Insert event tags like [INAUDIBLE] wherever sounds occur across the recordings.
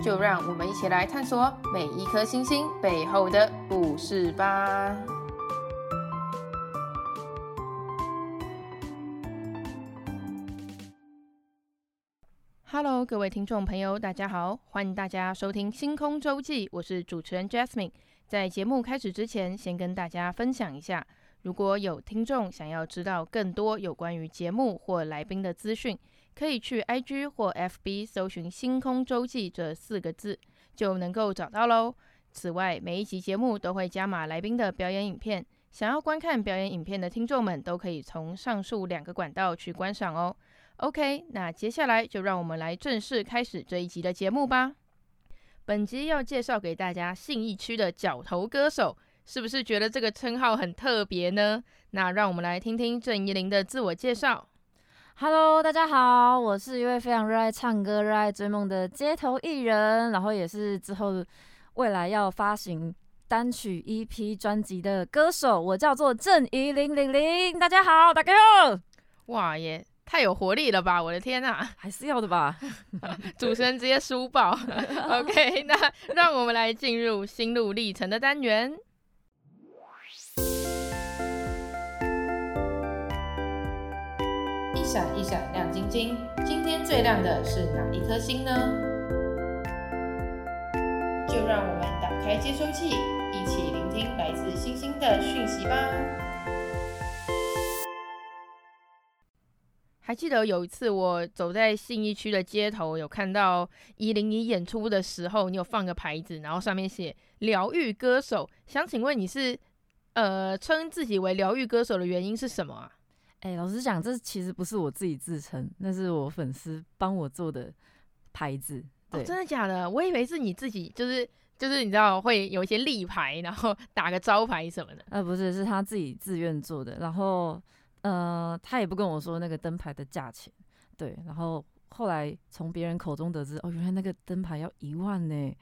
就讓我們一起來探索每一顆星星背後的故事吧。Hello，各位聽眾朋友，大家好，歡迎大家收聽《星空週記》，我是主持人 Jasmine。在節目開始之前，先跟大家分享一下。如果有聽眾想要知道更多有關於節目或來賓的資訊，可以去 IG 或 FB 搜尋“星空周記”這四個字，就能夠找到嘍、哦。此外，每一集節目都會加碼來賓的表演影片，想要觀看表演影片的聽眾們都可以從上述兩個管道去觀賞哦。OK，那接下來就讓我們來正式開始這一集的節目吧。本集要介紹給大家信義區的角頭歌手。是不是覺得這個稱號很特別呢？那讓我們來聽聽鄭怡琳的自我介紹。哈嘍，大家好，我是一位非常熱愛唱歌、熱愛追夢的街頭藝人，然後也是之後未來要發行單曲、EP 專輯的歌手。我叫做鄭怡琳琳琳。大家好，大家好。哇耶，也太有活力了吧！我的天吶、啊，還是要的吧？ [LAUGHS] 主持人直接輸爆。 [LAUGHS] OK，那讓我們來進入心路歷程的單元。閃一閃，亮晶晶，今天最亮的是哪一顆星呢？就讓我們打開接收器，一起聆聽來自星星的訊息吧！還記得有一次我走在信義區的街頭，有看到怡琳你演出的時候，你有放個牌子，然後上面寫“療癒歌手”，想請問你是呃稱自己為療癒歌手的原因是什麼啊？哎，老實講，這其實不是我自己自稱，那是我粉絲幫我做的牌子。對哦、真的假的？我以為是你自己、就是，就是就是，你知道會有一些立牌，然後打個招牌什麼的。呃，不是，是他自己自願做的。然後，呃，他也不跟我說那個燈牌的價錢。對。然後後來從別人口中得知，哦，原來那個燈牌要一萬呢。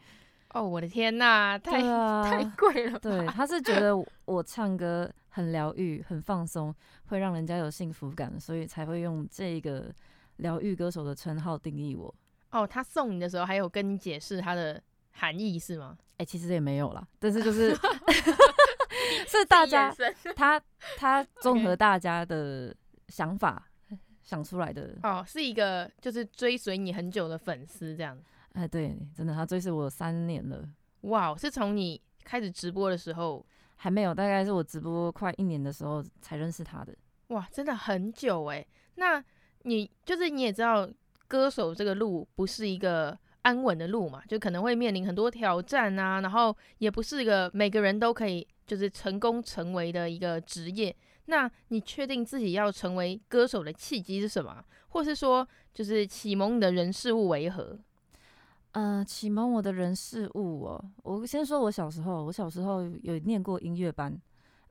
哦，我的天哪，太、啊、太貴了吧。對，他是覺得我唱歌。 [LAUGHS] 很療癒，很放鬆，會讓人家有幸福感，所以才會用這個“療癒歌手”的稱號定義我。哦，oh, 他送你的時候還有跟你解釋他的含義是嗎？哎、欸，其實也沒有啦，但是就是 [LAUGHS] [LAUGHS] 是大家他他綜合大家的想法 [LAUGHS] 想出來的。哦，oh, 是一個就是追隨你很久的粉絲這樣。哎、欸，對，真的，他追隨我三年了。哇，wow, 是從你開始直播的時候。還沒有，大概是我直播快一年的時候才認識他的。哇，真的很久誒。那你就是你也知道，歌手這個路不是一個安穩的路嘛，就可能會面臨很多挑戰啊，然後也不是一個每個人都可以就是成功成為的一個職業。那你確定自己要成為歌手的契機是什麼？或是說就是啟蒙你的人事物為何？呃，啟蒙我的人事物哦，我先說我小時候，我小時候有念過音樂班，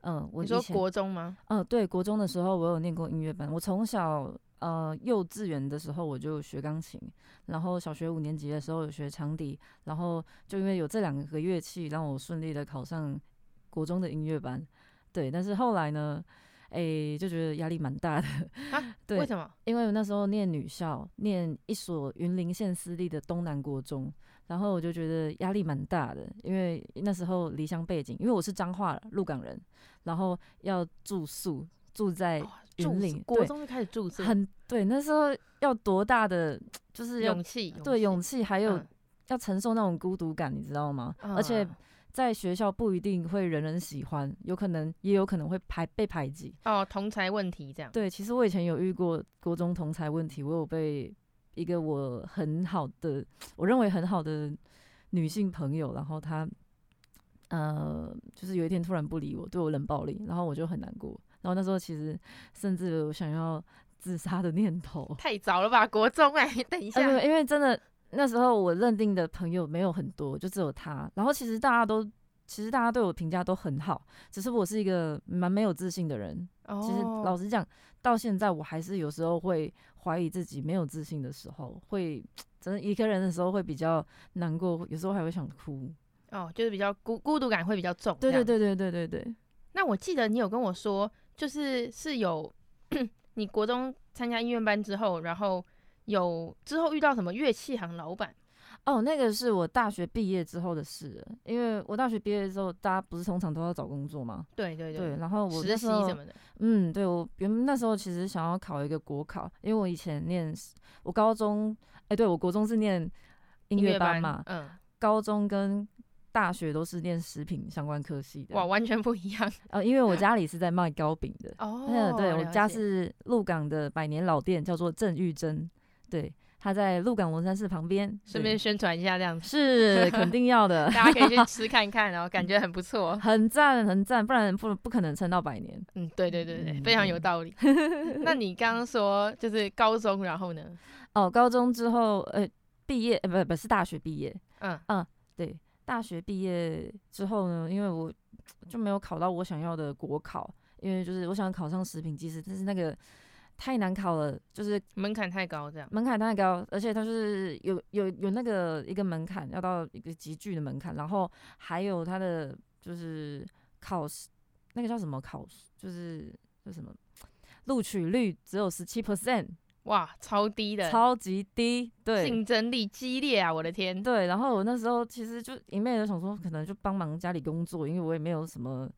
嗯、呃，我以前，你說國中嗎？嗯、呃，對，國中的時候我有念過音樂班。我從小呃幼稚園的時候我就學鋼琴，然後小學五年級的時候有學長笛，然後就因為有這兩個樂器，讓我順利的考上國中的音樂班。對，但是後來呢？哎、欸，就覺得壓力蠻大的啊！蛤對，為什麼？因為我那時候念女校，念一所雲林縣私立的東南國中，然後我就覺得壓力蠻大的，因為那時候離鄉背景，因為我是彰化鹿港人，然後要住宿，住在雲林、哦、國中就開始住宿，對 [LAUGHS] 很對，那時候要多大的就是勇氣、勇氣、對，勇氣還有要承受那種孤獨感，嗯、你知道嗎？嗯、而且。在學校不一定會人人喜歡，有可能也有可能會排被排擠哦，同儕問題這樣。對，其實我以前有遇過國中同儕問題，我有被一個我很好的，我認為很好的女性朋友，然後她呃，就是有一天突然不理我，對我冷暴力，然後我就很難過，然後那時候其實甚至有想要自殺的念頭。太早了吧，國中哎、欸，等一下、呃，因為真的。那時候我認定的朋友沒有很多，就只有他。然後其實大家都，其實大家對我評價都很好，只是我是一個蠻沒有自信的人。哦、其實老實講，到現在我還是有時候會懷疑自己沒有自信的時候，會真的一個人的時候會比較難過，有時候還會想哭。哦，就是比較孤孤獨感會比較重。對對對對對對對。那我記得你有跟我說，就是是有你國中參加音樂班之後，然後。有之後遇到什麼樂器行老闆哦，那個是我大學畢業之後的事，因為我大學畢業之後，大家不是通常都要找工作嗎？對對對，對。然後我實習什麼的。嗯，對，我原本那時候其實想要考一個國考，因為我以前念我高中，哎、欸，對，我國中是念音樂班嘛，班嗯，高中跟大學都是念食品相關科系的。哇，完全不一樣。呃，因為我家裡是在賣糕餅的、啊、哦，對，我家是鹿港的百年老店，叫做鄭玉珍。對，他在鹿港龍山寺旁邊，順便宣傳一下，這樣子是肯定要的。 [LAUGHS] 大家可以去吃看看， [LAUGHS] 然後感覺很不錯，很讚，很讚，不然不不可能撐到百年。嗯，對對對對，對，對，非常有道理。 [LAUGHS] 那你剛剛說就是高中，然後呢？哦，高中之後，呃、欸，畢業，欸、不不是大學畢業。嗯嗯，對，大學畢業之後呢，因為我就沒有考到我想要的國考，因為就是我想考上食品技師，但是那個。太難考了，就是門檻太高，這樣門檻太高，而且它就是有有有那個一個門檻，要到一個極巨的門檻，然後還有它的就是考試，那個叫什麼考試，就是，就是叫什麼錄取率只有十七 percent，哇，超低的，超級低，對，競爭力激烈啊，我的天，對，然後我那時候其實就一面就想說，可能就幫忙家裡工作，因為我也沒有什麼。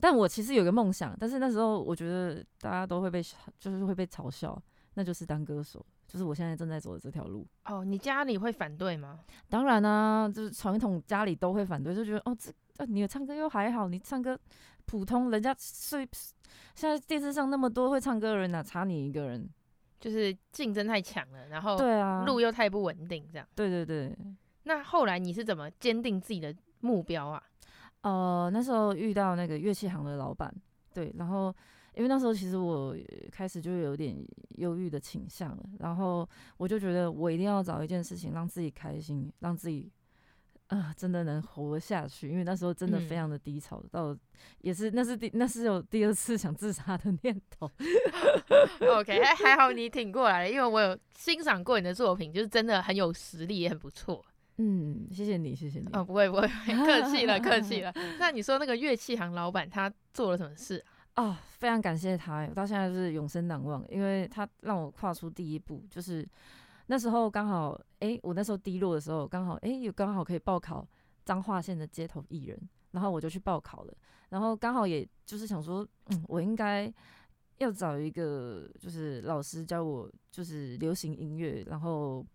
但我其實有個夢想，但是那時候我覺得大家都會被就是會被嘲笑，那就是當歌手，就是我現在正在走的這條路。哦，你家裡會反對嗎？當然啊，就是傳統家裡都會反對，就覺得哦，這啊，你的唱歌又還好，你唱歌普通，人家是現在電視上那麼多會唱歌的人哪，啊，差你一個人，就是競爭太強了，然後對啊，路又太不穩定，這樣對啊。對對對。那後來你是怎麼堅定自己的目標啊？哦、呃，那時候遇到那個樂器行的老闆，對，然後因為那時候其實我開始就有點憂鬱的傾向了，然後我就覺得我一定要找一件事情讓自己開心，讓自己啊、呃、真的能活下去，因為那時候真的非常的低潮，嗯、到也是那是第那是有第二次想自殺的念頭。 [LAUGHS] OK，還還好你挺過來，因為我有欣賞過你的作品，就是真的很有實力，也很不錯。嗯，謝謝你，謝謝你。哦，不會不會，客氣了，啊、客氣了。啊、那你說那個樂器行老板他做了什麼事啊？哦，非常感謝他，我到現在是永生難忘，因為他讓我跨出第一步。就是那時候剛好，哎，我那時候低落的時候，剛好，哎，我剛好可以報考彰化縣的街頭藝人，然後我就去報考了。然後剛好也就是想說，嗯，我應該要找一個就是老師教我就是流行音樂，然後。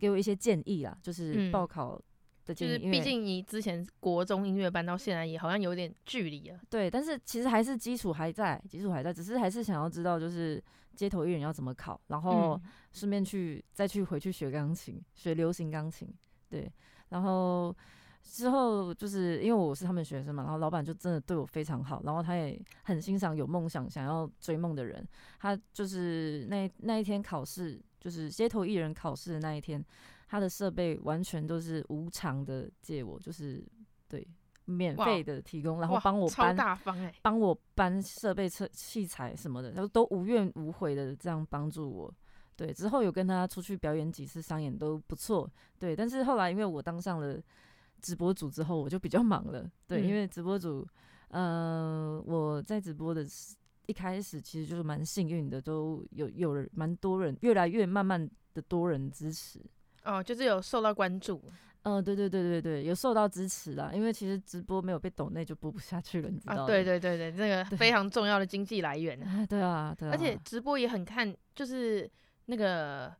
給我一些建議啦，就是報考的建議，嗯就是、畢竟你之前國中音樂班到現在也好像有點距離啊。對，但是其實還是基礎還在，基礎還在，只是還是想要知道就是街頭藝人要怎麼考，然後順便去、嗯、再去回去學鋼琴，學流行鋼琴。對，然後之後就是因為我是他們學生嘛，然後老闆就真的對我非常好，然後他也很欣賞有夢想、想要追夢的人，他就是那那一天考試。就是街頭藝人考試的那一天，他的設備完全都是無償的借我，就是對免費的提供，哇然後幫我搬，超大方哎，幫我搬設備、器材什麼的，都無怨無悔的這樣幫助我。對，之後有跟他出去表演幾次商演都不錯。對，但是後來因為我當上了直播主之後，我就比較忙了。對，嗯、因為直播主呃，我在直播的一開始其實就是蠻幸運的，都有有蠻多人，越來越慢慢的多人支持哦，就是有受到關注，嗯、呃，對對對對對，有受到支持啦。因為其實直播沒有被抖內就播不下去了，你知道嗎？啊、對對對對，這、那個非常重要的經濟來源，對，對啊，對啊，對啊、而且直播也很看就是那個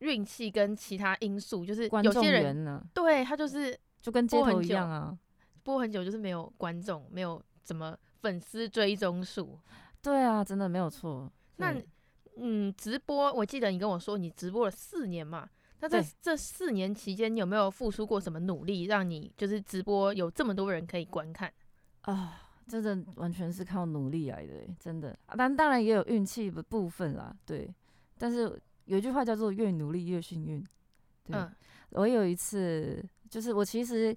運氣跟其他因素，就是有些人呢，啊、對他就是就跟播很久就跟一樣啊，播很久就是沒有觀眾，沒有怎麼粉絲追蹤數。對啊，真的沒有錯。那對嗯，直播，我記得你跟我說你直播了四年嘛？那在這四年期間，你有沒有付出過什麼努力，讓你就是直播有這麼多人可以觀看啊、哦？真的完全是靠努力來的，真的、啊。當然也有運氣的部分啦，對。但是有一句話叫做“越努力越幸運”對。嗯，我有一次就是我其實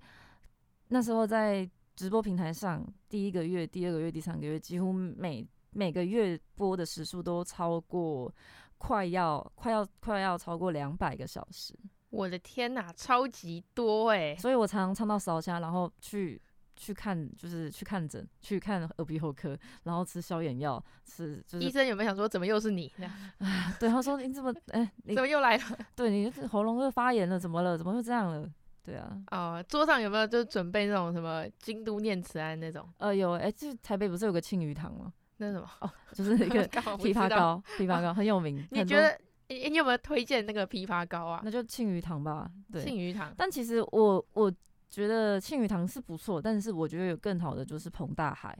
那時候在直播平台上，第一個月、第二個月、第三個月，幾乎每每個月播的時數都超過，快要快要快要超過兩百個小時。我的天吶，超級多誒、欸。所以我常常唱到燒聲，然後去去看，就是去看診，去看耳鼻喉科，然後吃消炎藥，吃就是。醫生有沒有想說，怎麼又是你？哎，對，他說，你怎麼哎，你怎麼又來了？對你喉嚨又發炎了，怎麼了？怎麼會這樣了？對啊。哦、呃，桌上有沒有就準備那種什麼京都念慈菴那種？呃，有哎，就台北不是有個慶餘堂嗎？那什麼哦，就是那個枇杷膏，枇杷膏很有名。你覺得你有沒有推薦那個枇杷膏啊？那就慶餘堂吧，對，慶餘堂。但其實我我覺得慶餘堂是不錯，但是我覺得有更好的就是膨大海。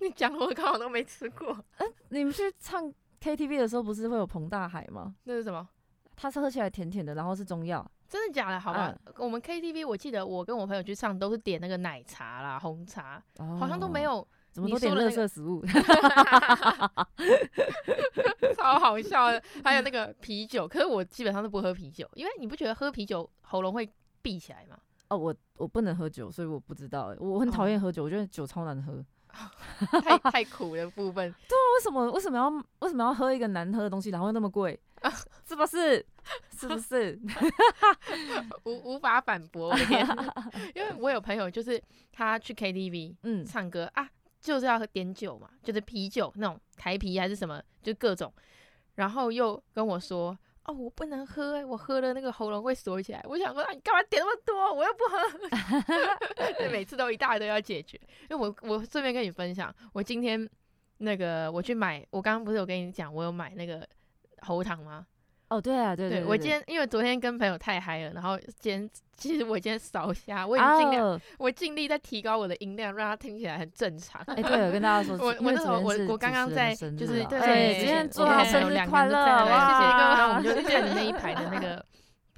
你講的我剛好都沒吃過。你們去唱 K T V 的時候不是會有膨大海嗎？那是什麼？它是喝起來甜甜的，然後是中藥。真的假的？好吧，我們 K T V 我記得我跟我朋友去唱都是點那個奶茶啦、紅茶，好像都沒有。怎麼都點垃圾食物， [LAUGHS] 超好笑。還有那個啤酒，可是我基本上都不喝啤酒，因為你不覺得喝啤酒喉嚨會閉起來嗎？哦，我我不能喝酒，所以我不知道、欸。我很討厭喝酒，我覺得酒超難喝、哦哦，太太苦的部分。 [LAUGHS] 對啊，為什麼為什麼要為什麼要喝一個難喝的東西，然後又那麼貴？是不是？是不是 [LAUGHS] [LAUGHS] 無？無無法反駁，因為我有朋友就是他去 KTV 嗯唱歌嗯啊。就是要喝點酒嘛，就是啤酒那種台啤還是什麼，就是，各種，然後又跟我說哦，我不能喝，欸，我喝了那個喉嚨會鎖起來。我想說，啊，你幹嘛點那麼多？我又不喝，對 [LAUGHS] [LAUGHS] [LAUGHS] 每次都一大堆都要解決。因為我我順便跟你分享，我今天那個我去買，我剛剛不是有跟你講我有買那個喉糖嗎？哦，對啊，對對，我今天因為昨天跟朋友太嗨了，然後今天其實我今天沙啞，我也盡量，我盡力在提高我的音量，讓它聽起來很正常。哎，對，我跟大家說，我我我我剛剛在就是對，今天祝你生日快樂！哇，謝謝，剛剛我們就選的那一排的那個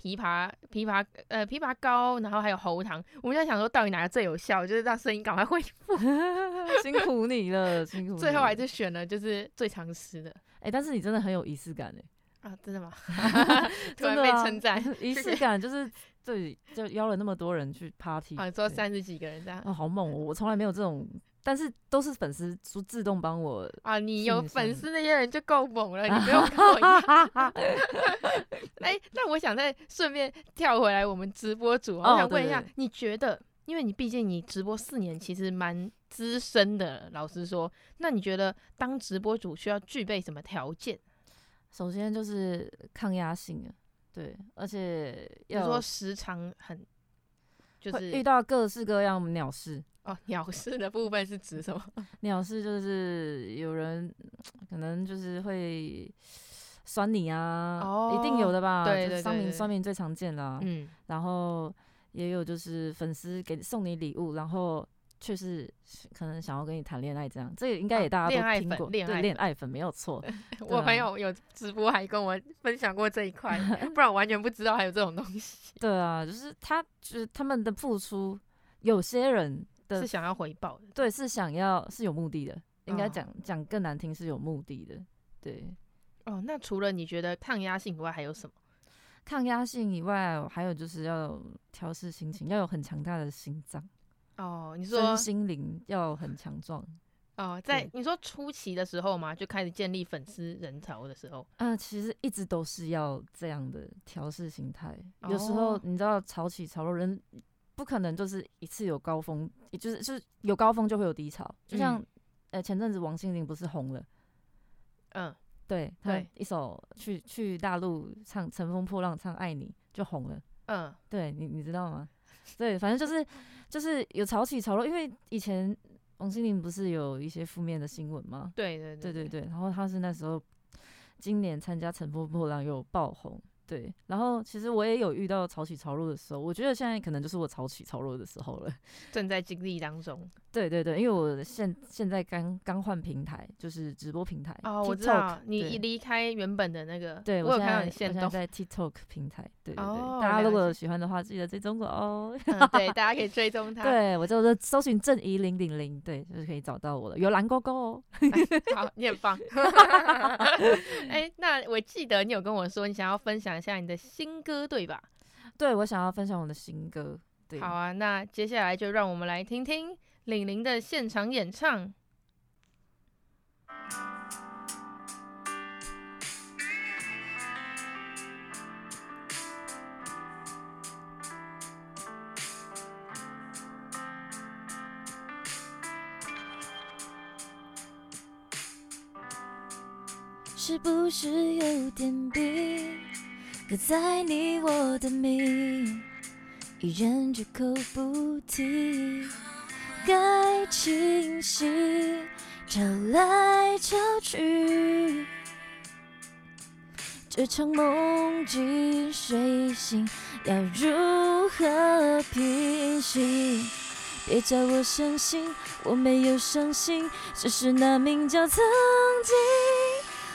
枇杷枇杷呃枇杷膏，然後還有喉糖，我們在想說到底哪個最有效，就是讓聲音趕快恢復。辛苦你了，辛苦。最後還是選了就是最常吃的，哎，但是你真的很有儀式感哎。啊，真的嗎？ [LAUGHS] 突然被稱讚，儀式、啊、 [LAUGHS] 感就是這裡就邀了那麼多人去 party，啊，你說三十幾個人這樣，啊，好猛哦、喔！我從來沒有這種，但是都是粉絲就自動幫我啊，你有粉絲那些人就夠猛了， [LAUGHS] 你不用考哈，哎，那我想再順便跳回來，我們直播主。我想問一下，哦、對對你覺得，因為你畢竟你直播四年，其實蠻資深的，老實說，那你覺得當直播主需要具備什麼條件？首先就是抗壓性啊，對，而且要說時常很，就是遇到各式各樣鳥事哦。鳥事的部分是指什麼？鳥事就是有人可能就是會酸你啊，哦，一定有的吧？對，對，對，對就是酸民，酸民最常見的啊，嗯，然後也有就是粉絲給送你禮物，然後。確實，可能想要跟你談戀愛這樣，這個應該也大家都聽過，對戀愛粉。啊、戀愛粉沒有錯。啊、我朋友有直播還跟我分享過這一塊， [LAUGHS] 不然我完全不知道還有這種東西。對啊，就是他就是他們的付出，有些人的是想要回報的，對，是想要是有目的的，應該講講更難聽是有目的的，對。哦，那除了你覺得抗壓性以外還有什麼？抗壓性以外，還有就是要調適心情，要有很強大的心臟。哦，你說心靈要很強壯哦，在對你說初期的時候嘛，就開始建立粉絲人潮的時候。嗯、呃，其實一直都是要這樣的調試心態。哦、有時候你知道潮起潮落，人不可能就是一次有高峰，就是就是有高峰就會有低潮。嗯、就像呃前陣子王心凌不是紅了？嗯，對，她一首去去大陸唱《乘風破浪》唱《愛你》就紅了。嗯，對你你知道嗎？對，反正就是，就是有潮起潮落。因為以前王心凌不是有一些負面的新聞嗎？對對對對對，對。然後她是那時候，今年參加《乘風破浪》又爆紅。對，然後其實我也有遇到潮起潮落的時候，我覺得現在可能就是我潮起潮落的時候了，正在經歷當中。對對對，因為我現現在剛剛換平台，就是直播平台。哦，TikTok, 我知道，對你一離開原本的那個，對我有看到你現，現在在 TikTok 平台。對對，對，哦、大家如果喜歡的話，記得追蹤我哦、 [LAUGHS] 嗯。對，大家可以追蹤他。對，我就搜尋正義零零零，對，就是可以找到我的。有藍勾勾、哦 [LAUGHS] 哎，好，你很棒。 [LAUGHS] 哎，那我記得你有跟我說，你想要分享。下你的新歌對吧？對，我想要分享我的新歌。對。好啊，那接下來就讓我們來聽聽琳琳的現場演唱。 [MUSIC] 是不是有點冰？刻在你我的名，依然絕口不提。該清醒，潮來潮去，這場夢境睡醒要如何平息？別叫我傷心，我沒有傷心，只是那名叫曾經。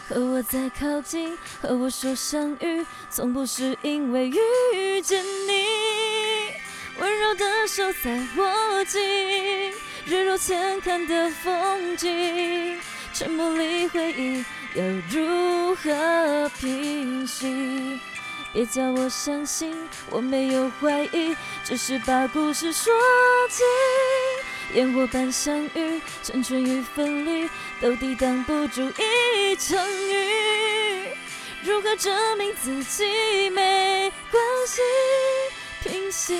和我再靠近，和我說相遇，從不是因為遇見你。溫柔的手在握緊，日落前看的風景，沉默裡回憶要如何平息？別叫我相信，我沒有懷疑，只是把故事說起。煙火般相遇，成全與分離，都抵擋不住一場雨。如何證明自己沒關係？平息，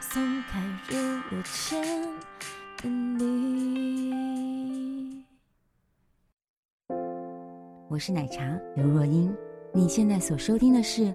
鬆開如我牽的你。我是奶茶，劉若英，你現在所收聽的是。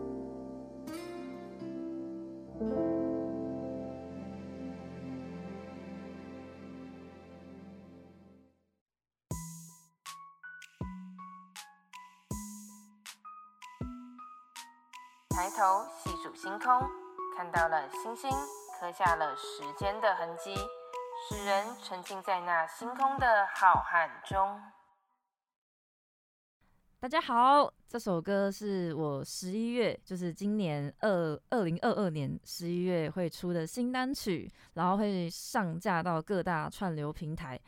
星空，看到了星星，刻下了時間的痕跡，使人沉浸在那星空的浩瀚中。大家好，這首歌是我十一月，就是今年二二零二二年十一月會出的新單曲，然後會上架到各大串流平台，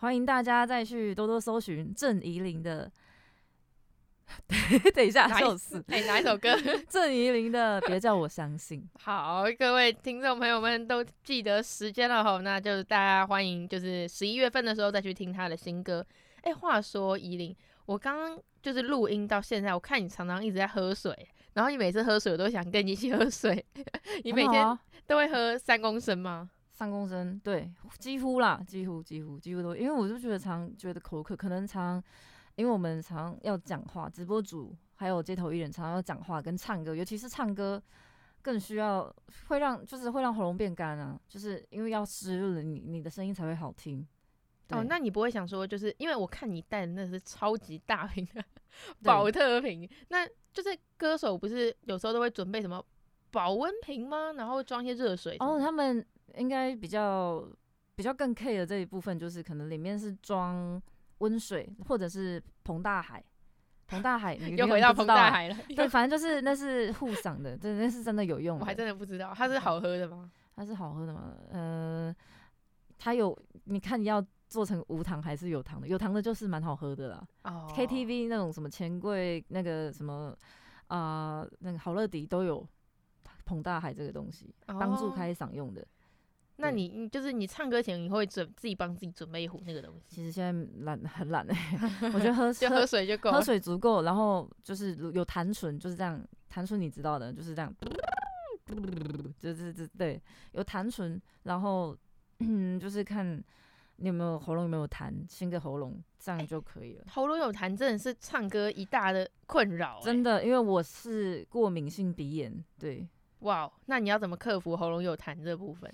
歡迎大家再去多多搜尋鄭怡琳的。 [LAUGHS] 等一下一，有是哎，哪一首歌？鄭 [LAUGHS] 怡琳的《別叫我相信》。 [LAUGHS] 好，各位聽眾朋友們都記得時間了吼，那就大家歡迎，就是十一月份的時候再去聽他的新歌。誒、欸，話說怡琳，我剛就是錄音到現在，我看你常常一直在喝水，然後你每次喝水我都想跟你一起喝水。 [LAUGHS] 你每天都會喝三公升嗎、啊？三公升，對，幾乎啦，幾乎幾乎幾乎都，因為我就覺得常覺得口渴，可能常。因為我們常要講話，直播主還有街頭藝人常常要講話跟唱歌，尤其是唱歌更需要會讓就是會讓喉嚨變乾啊，就是因為要濕潤，你你的聲音才會好聽。哦，那你不會想說，就是因為我看你帶的那是超級大瓶啊，保特瓶，對那就是歌手不是有時候都會準備什麼保溫瓶嗎？然後裝些熱水。哦，他們應該比較比較更 K 的這一部分，就是可能裡面是裝。溫水，或者是膨大海，膨大海，你 [LAUGHS] 又回到膨大海了。啊、 [LAUGHS] 對，反正就是那是護嗓的，真 [LAUGHS] 那是真的有用的。我還真的不知道，它是好喝的嗎？它是好喝的嗎？嗯、呃。它有，你看你要做成無糖還是有糖的？有糖的就是蠻好喝的啦。哦。KTV 那種什麼錢櫃，那個什麼啊、呃，那個好樂迪都有膨大海這個東西，幫助開嗓用的。Oh. 那你對就是你唱歌前你會準自己幫自己準備一壺那個東西？其實現在懶很懶哎，欸， [LAUGHS] 我覺得喝 [LAUGHS] 就喝水就夠了，喝水足夠，然後就是有彈唇，就是這樣，彈唇你知道的，就是這樣，嘟嘟嘟，對有彈唇，然後 [COUGHS] 就是看你有沒有喉嚨有沒有痰，清個喉嚨這樣就可以了。欸，喉嚨有痰真的是唱歌一大的困擾，欸，真的，因為我是過敏性鼻炎。對，哇，wow, 那你要怎麼克服喉嚨有痰這部分？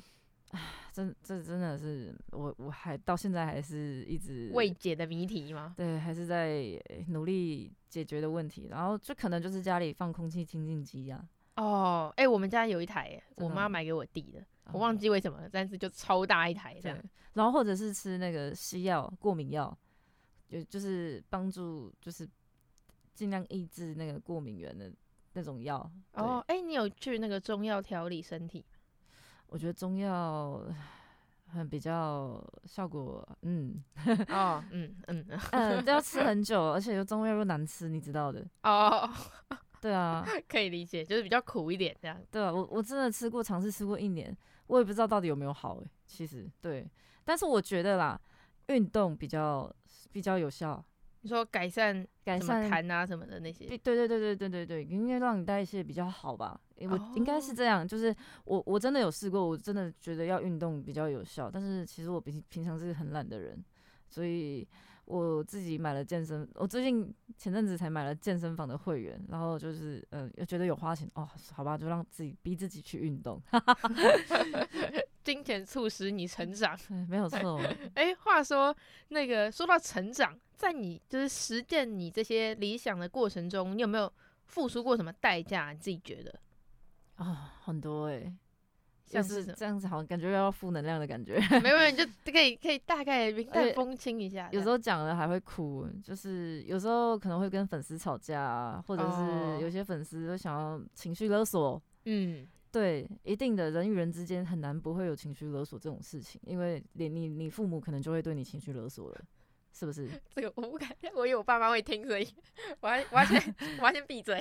哎，真這真的是我我還到現在還是一直未解的謎題嗎？對，還是在努力解決的問題。然後就可能就是家裡放空氣清淨機呀。哦，哎、欸，我們家有一台、欸，真的？我媽買給我弟的，我忘記為什麼了，哦、但是就超大一台這樣。然後或者是吃那個西藥過敏藥，就就是幫助就是盡量抑制那個過敏原的那種藥。哦，哎、欸，你有去那個中藥調理身體？我覺得中藥很比較效果，嗯，哦、oh, [LAUGHS] 嗯，嗯嗯嗯，都要吃很久， [LAUGHS] 而且又中藥又難吃，你知道的。哦，oh. 對啊， [LAUGHS] 可以理解，就是比較苦一點這樣。對啊，我我真的吃過，嘗試吃過一年，我也不知道到底有沒有好、欸、其實對，但是我覺得啦，運動比較比較有效。說改善改善痰啊什麼的那些，對對對對對對對，應該讓你代謝比較好吧？欸、我應該是這樣。哦、就是我我真的有試過，我真的覺得要運動比較有效。但是其實我平平常是很懶的人，所以我自己買了健身，我最近前陣子才買了健身房的會員，然後就是嗯，又、呃、覺得有花錢哦，好吧，就讓自己逼自己去運動。哈哈哈哈 [LAUGHS] 金錢促使你成長，欸、沒有錯。哎、 [LAUGHS] 欸，話說那個，說到成長，在你就是實踐你這些理想的過程中，你有沒有付出過什麼代價？你自己覺得？啊、哦，很多哎、欸，像是，是這樣子，好像感覺要負能量的感覺。沒問題，就可以可以大概雲淡風輕一下。且樣有時候講了還會哭，就是有時候可能會跟粉絲吵架、啊，或者是有些粉絲都想要情緒勒索，哦、嗯。對，一定的，人與人之間很難不會有情緒勒索這種事情，因為連你你你父母可能就會對你情緒勒索了，是不是？這個我不敢，我以為我爸媽會聽，所以我還完全我還先閉 [LAUGHS] 嘴。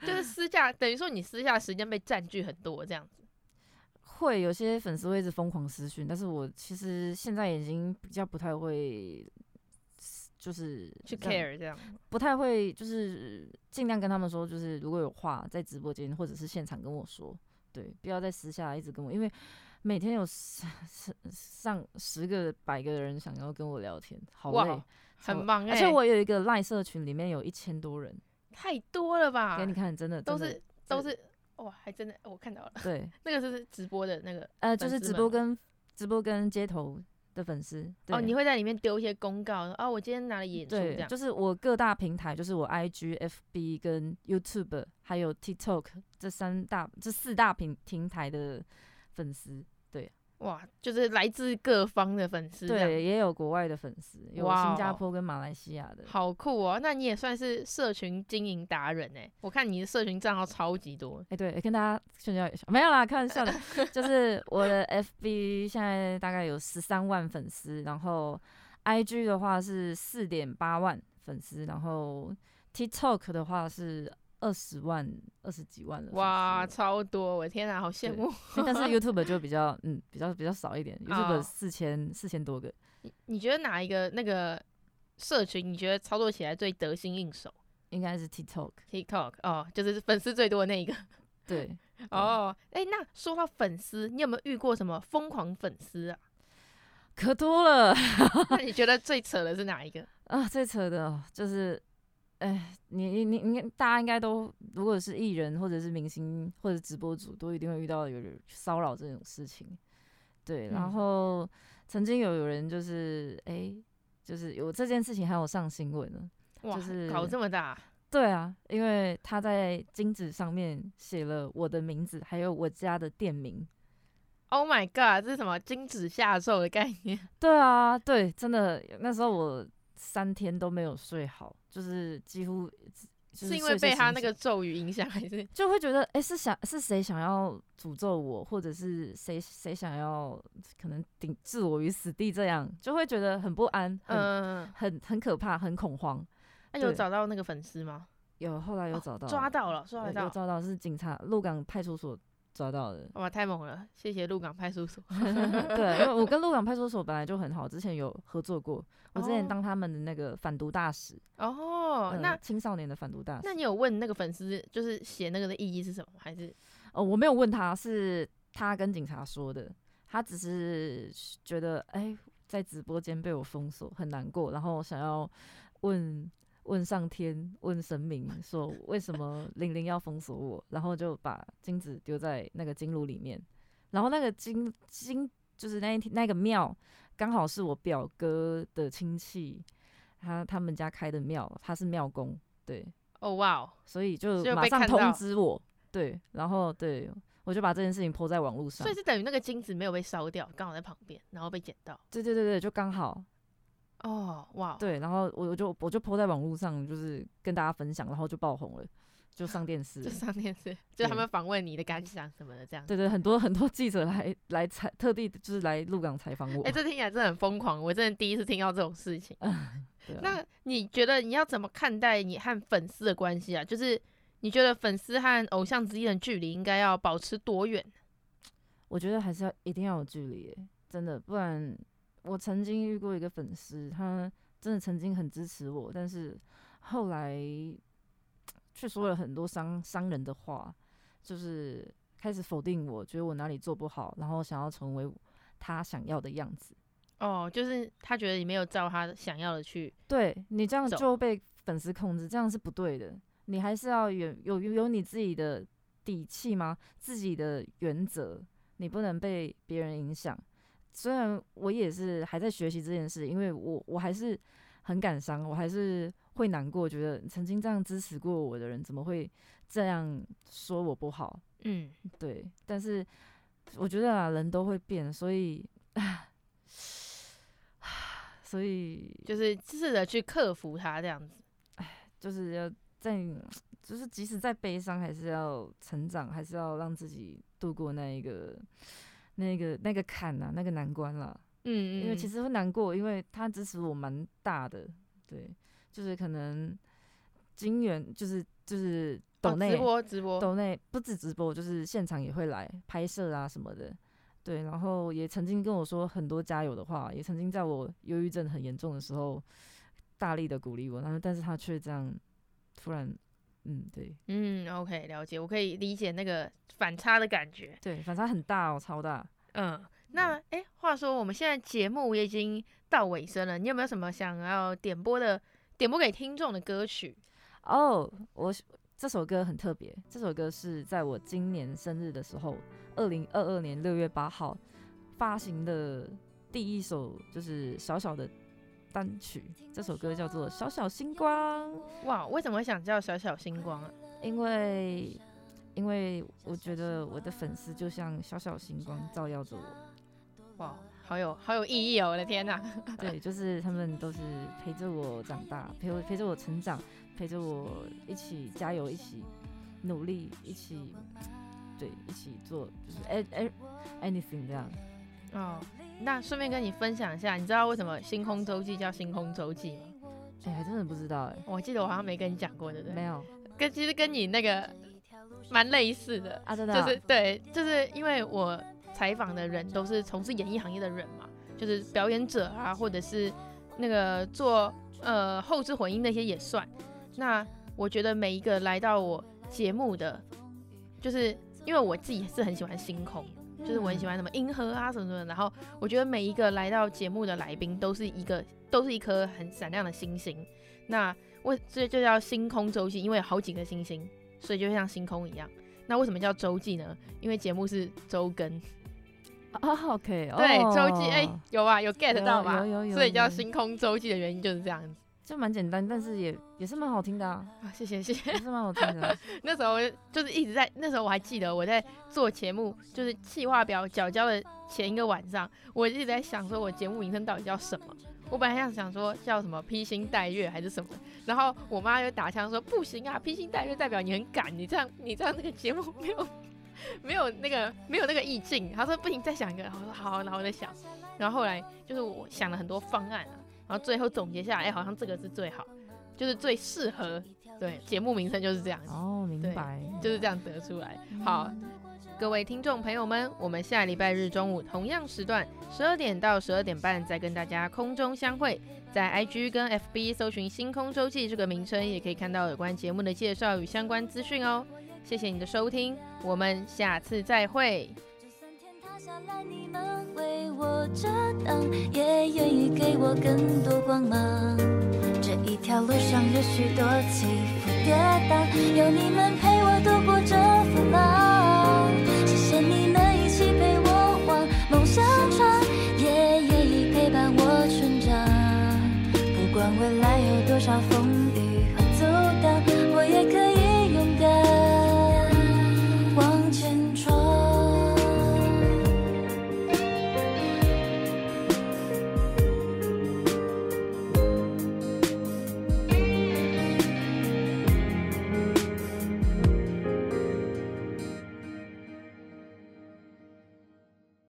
[LAUGHS] 就是私下等於說你私下時間被占據很多這樣子，會有些粉絲會一直瘋狂私訊，但是我其實現在已經比較不太會，就是去 care 這樣，不太會，就是盡量跟他們說，就是如果有話在直播間或者是現場跟我說。對，不要在私下一直跟我，因為每天有十十上十個百個人想要跟我聊天，好累，哇好很棒欸，而且我有一個賴社群，裡面有一千多人，太多了吧？給你看，真的都是都是哇，還真的我看到了，對， [LAUGHS] 那個就是，是直播的那個，呃，就是直播跟直播跟街頭。的粉絲哦，你會在裡面丟一些公告哦我今天拿了演出對樣就是我各大平台，就是我 I G F B 跟 YouTube 還有 TikTok 這三大這四大平平台的粉絲。哇，就是來自各方的粉絲，對，也有國外的粉絲，有新加坡跟馬來西亞的，wow, 好酷哦！那你也算是社群經營達人哎、欸，我看你的社群賬號超級多哎，欸、對、欸，跟大家炫耀一下，沒有啦，開玩笑的，就是我的 FB 現在大概有十三萬粉絲，然後 IG 的話是四點八萬粉絲，然後 TikTok 的話是。二十萬，二十幾萬了！哇，超多！我天哪，好羨慕哦。但是 YouTube 就比較，嗯，比較比較少一點。 [LAUGHS] YouTube 四千，四千多個，哦。你你覺得哪一個那個社群，你覺得操作起來最得心應手？應該是 TikTok。TikTok，哦，就是粉絲最多的那一個。對。對哦，哎，欸，那說到粉絲，你有沒有遇過什麼瘋狂粉絲啊？可多了。 [LAUGHS] 那你覺得最扯的是哪一個？啊，哦，最扯的就是。哎，你你你，大家應該都，如果是藝人或者是明星或者是直播主，都一定會遇到有人騷擾這種事情。對，然後、嗯、曾經有有人就是，哎、欸，就是有這件事情，還有上新聞呢哇就是搞這麼大。對啊，因為他在金紙上面寫了我的名字，還有我家的店名。Oh my god，這是什麼金紙下咒的概念？對啊，對，真的，那時候我。三天都沒有睡好，就是幾乎是，睡睡醒醒，是因為被他那個咒語影響還是，就會覺得誒、欸，是想是誰想要詛咒我，或者是誰誰想要可能頂置我於死地，這樣就會覺得很不安，嗯、很、呃、很、很可怕，很恐慌。那、啊、對有找到那個粉絲嗎？有，後來有找到、哦，抓到了，抓到了，抓到是警察鹿港派出所。抓到了！哇，太猛了！謝謝鹿港派出所。 [LAUGHS] 對，因為我跟鹿港派出所本來就很好，之前有合作過。哦、我之前當他們的那個反毒大使。哦，呃、那青少年的反毒大使。那你有問那個粉絲，就是寫那個的意義是什麼？還是？哦、呃，我沒有問他，是他跟警察說的。他只是覺得，哎、欸，在直播間被我封鎖，很難過，然後想要問。問上天、問神明，說為什麼琳琳要封鎖我？ [LAUGHS] 然後就把金紙丟在那個金爐裡面。然後那個金金就是那一天那一個廟，剛好是我表哥的親戚，他他們家開的廟，他是廟公，對。哦哇，所以就馬上通知我，對，然後對我就把這件事情 po 在網絡上。所以是等於那個金紙沒有被燒掉，剛好在旁邊，然後被撿到。對對對對，就剛好。哦，哇、oh, wow，對，然後我就我就 po 在網絡上，就是跟大家分享，然後就爆紅了，就上電視，就上電視，就他們訪問你的感想什麼的，這樣。對，對對，很多很多記者來來採，特地就是來鹿港採訪我。哎、欸，這聽起來真的很瘋狂，我真的第一次聽到這種事情。嗯啊、那你覺得你要怎麼看待你和粉絲的關係啊？就是你覺得粉絲和偶像之間的距離應該要保持多遠？我覺得還是要一定要有距離、欸，真的，不然。我曾經遇過一個粉絲，他真的曾經很支持我，但是後來卻說了很多傷傷人的話，就是開始否定我，覺得我哪裡做不好，然後想要成為他想要的樣子。哦，oh, 就是他覺得你沒有照他想要的去，對，你這樣就被粉絲控制，這樣是不對的。你還是要有有有你自己的底氣嗎？自己的原則，你不能被別人影響。雖然我也是還在學習這件事，因為我我還是很感傷，我還是會難過，覺得曾經這樣支持過我的人怎麼會這樣說我不好？嗯，對。但是我覺得啊，人都會變，所以啊，所以就是試着去克服他這樣子。哎，就是要在，就是即使再悲傷，還是要成長，還是要讓自己度過那一個。那個那個坎吶、啊，那個難關了、啊，嗯，嗯，因為其實會難過，因為他支持我蠻大的，對，就是可能金源就是就是抖內、啊，直播，抖內不止直播，就是現場也會來拍攝啊什麼的，對，然後也曾經跟我說很多加油的話，也曾經在我憂鬱症很嚴重的時候大力的鼓勵我，然後但是他卻這樣突然。嗯，對，嗯，OK，了解，我可以理解那個反差的感覺，對，反差很大哦，超大。嗯，那哎對，話說我們現在節目也已經到尾聲了，你有沒有什麼想要點播的、點播給聽眾的歌曲？哦、oh，我這首歌很特別，這首歌是在我今年生日的時候，二零二二年六月八號發行的第一首，就是小小的。單曲，這首歌叫做《小小星光》。哇，為什麼想叫《小小星光》啊？因為，因為我覺得我的粉絲就像小小星光照耀着我。哇，好有好有意義哦！我的天吶，對，就是他們都是陪着我長大，陪我陪着我成長，陪着我一起加油，一起努力，一起對，一起做就是哎 any, 哎 anything 這樣。哦。Oh. 那順便跟你分享一下，你知道為什麼《星空週記》叫《星空週記》嗎？欸，還真的不知道欸。我記得我好像沒跟你講過，對不對？沒有。跟其實跟你那個蠻類似的啊，真的。就是對，就是因為我採訪的人都是從事演藝行業的人嘛，就是表演者啊，或者是那個做呃後置混音那些也算。那我覺得每一個來到我節目的，就是因為我自己也是很喜歡星空。就是我很喜歡什麼銀河啊什麼什麼，然後我覺得每一個來到節目的來賓都是一個，都是一顆很閃亮的星星。那我所以就叫星空周記，因為有好幾顆星星，所以就像星空一樣。那為什麼叫周記呢？因為節目是周更。啊，OK，oh. 對，周記哎，有啊，有 get 到有吧。所以叫星空周記的原因就是這樣子。就蠻簡單，但是也也是蠻好聽的啊！謝謝、啊、謝謝，謝謝也是蠻好聽的、啊。 [LAUGHS] 那時候就是一直在，那時候我還記得我在做節目，就是企劃表繳交的前一個晚上，我一直在想說，我節目名稱到底叫什麼？我本來想想說叫什麼披星戴月還是什麼，然後我媽就打槍說不行啊，披星戴月代表你很敢，你這樣你這樣那個節目沒有沒有那個沒有那個意境。她說不行，再想一個。然後我說好、啊，然後我在想，然後後來就是我想了很多方案、啊。然後最後總結下來，哎、欸，好像這個是最好，就是最適合，對，節目名稱就是這樣。哦，明白，就是這樣得出來。嗯、好，各位聽眾朋友們，我們下禮拜日中午同樣時段，十二點到十二點半再跟大家空中相會。在 IG 跟 FB 搜尋“星空週記”這個名稱，也可以看到有關節目的介紹與相關資訊哦。謝謝你的收聽，我們下次再會。下來，你們為我遮擋，也願意給我更多光芒。這一條路上有許多起伏跌宕，有你們陪我度過這風浪。